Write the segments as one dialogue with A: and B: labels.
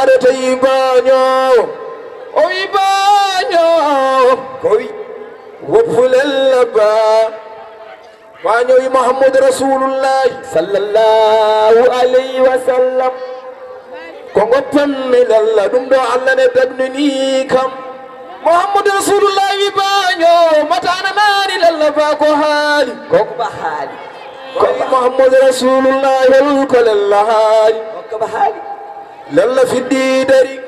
A: are te ibanyo o ibanyo koy wofulel ba banyo muhammad rasulullah sallallahu alaihi wasallam ko gottam mi lalla dum do allah ne dagnini kam muhammad rasulullah wi banyo mata anani lalla ba ko hali ko ba hali koy muhammad rasulullah wal ko lalla hali ko ba hali للا في الديدري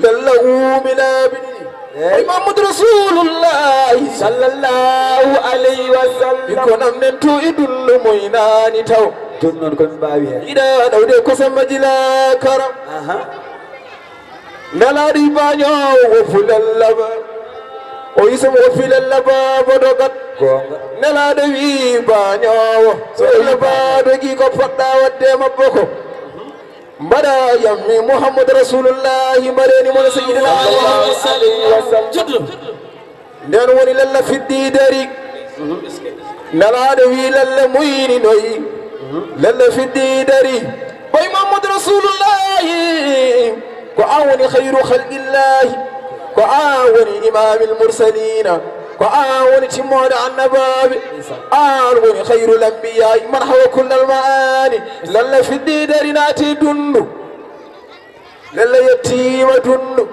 A: للا ومنا بني محمد رسول الله صلى الله عليه وسلم يكون من تو يدل مويناني تو تنون كن باوي إذا دودي كسم جلا كرم نلا ريبانيو وفلالبا o yisimo o filella baabo dogat nelaɗo wi bañowo so ila baadogi ko poɗɗa wadde mabbo ko بدا يمي محمد رسول الله مريني من سيدنا محمد صلى الله عليه وسلم نان وني للا في الديداري نلا دوي للا مويني نوي للا في الديداري باي محمد رسول الله كعاوني خير خلق الله كعاوني امام المرسلين Ko aa woni timmo daa'imma baabi. Aa walii walii xayyadu lammiyaa. Man haa wa kuduraal ma'aani. Lallafi dhii deri naatti dundu. Lallayattii ma dundu.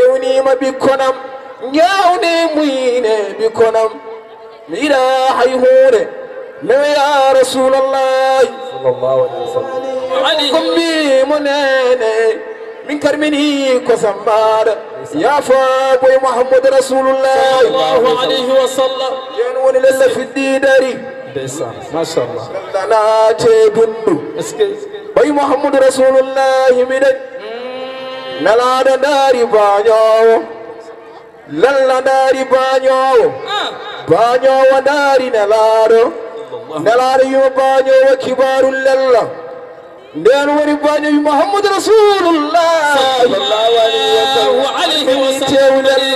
A: Ewunee ma biqonam. Njau nee muhiim nee biqonam. Miidhagaa haa yuhu de, n'oya rasulallah yi. Kubbii mu nee من كرمني كسمار يا يا محمد رسول الله صلى الله عليه وسلم ينون لله في الديداري ما شاء الله لنا تبندو بي محمد رسول الله من نلا داري بانيو لا داري بانيو بانيو وداري نلارو نلارو بانيو وكبار لله نلارو بانيو محمد رسول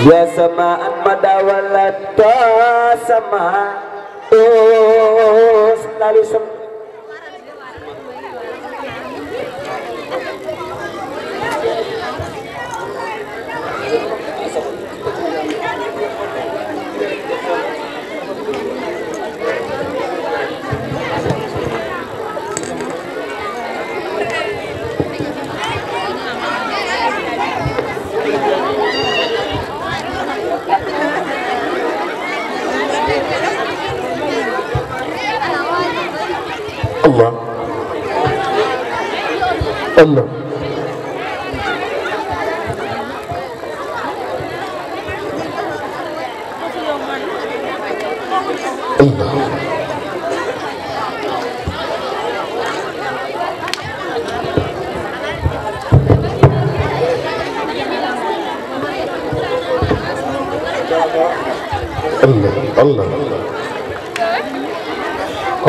A: Ya samaan madawalat, sama Oh lalu sempat وسلم الله الله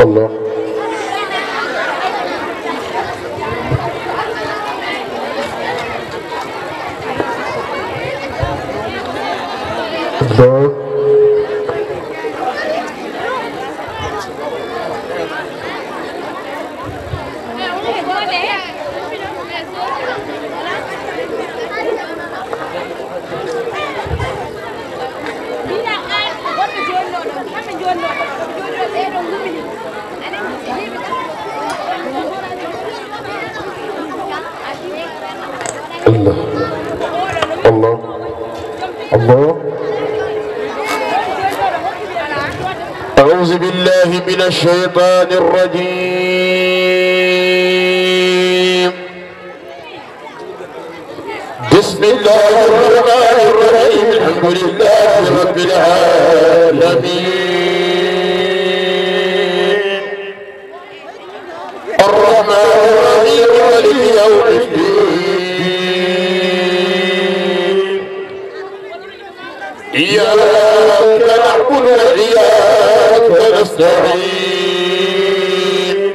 A: الله الله Đốt Allah Allah Allah بالله من الشيطان الرجيم بسم الله الرحمن الرحيم الحمد لله رب العالمين الرحمن الرحيم ولي يوم الدين إياك نعبد وإياك المستقيم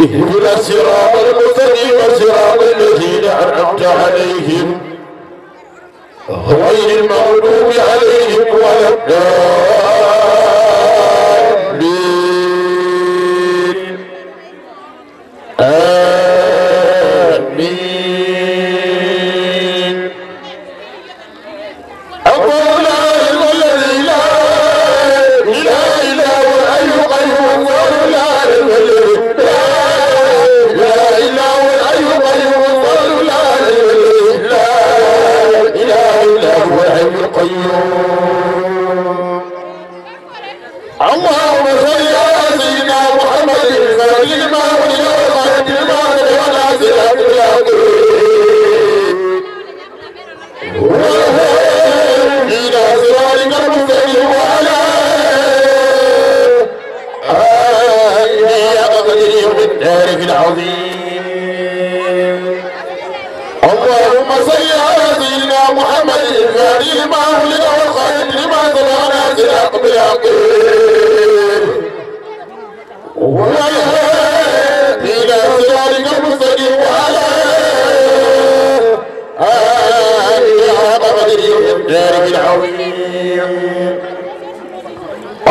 A: اهدنا الصراط المستقيم صراط الذين انعمت عليهم غير المغلوب عليهم ولا الدار اللهم صل على سيدنا محمد الهادي لما أهلك والخاتم لما سبقنا سياق بالعقيد والهادي إلى صراطك المستقيم وعلى آله حق قدره ومقداره العظيم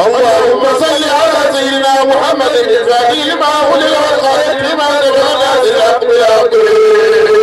A: اللهم صل على سيدنا محمد الهادي لما أهلك والخاتم لما سبقنا العقب العقيم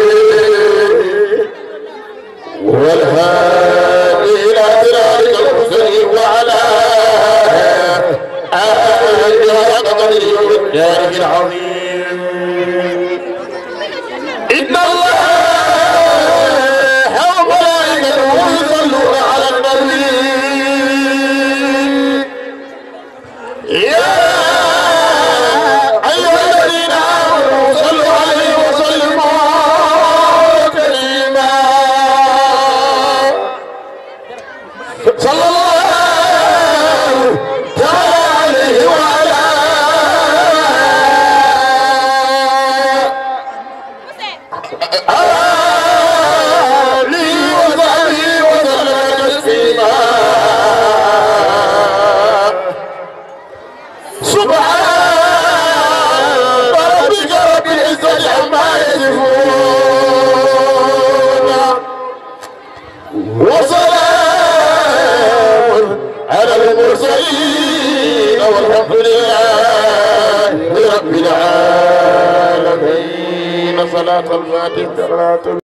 A: الصراط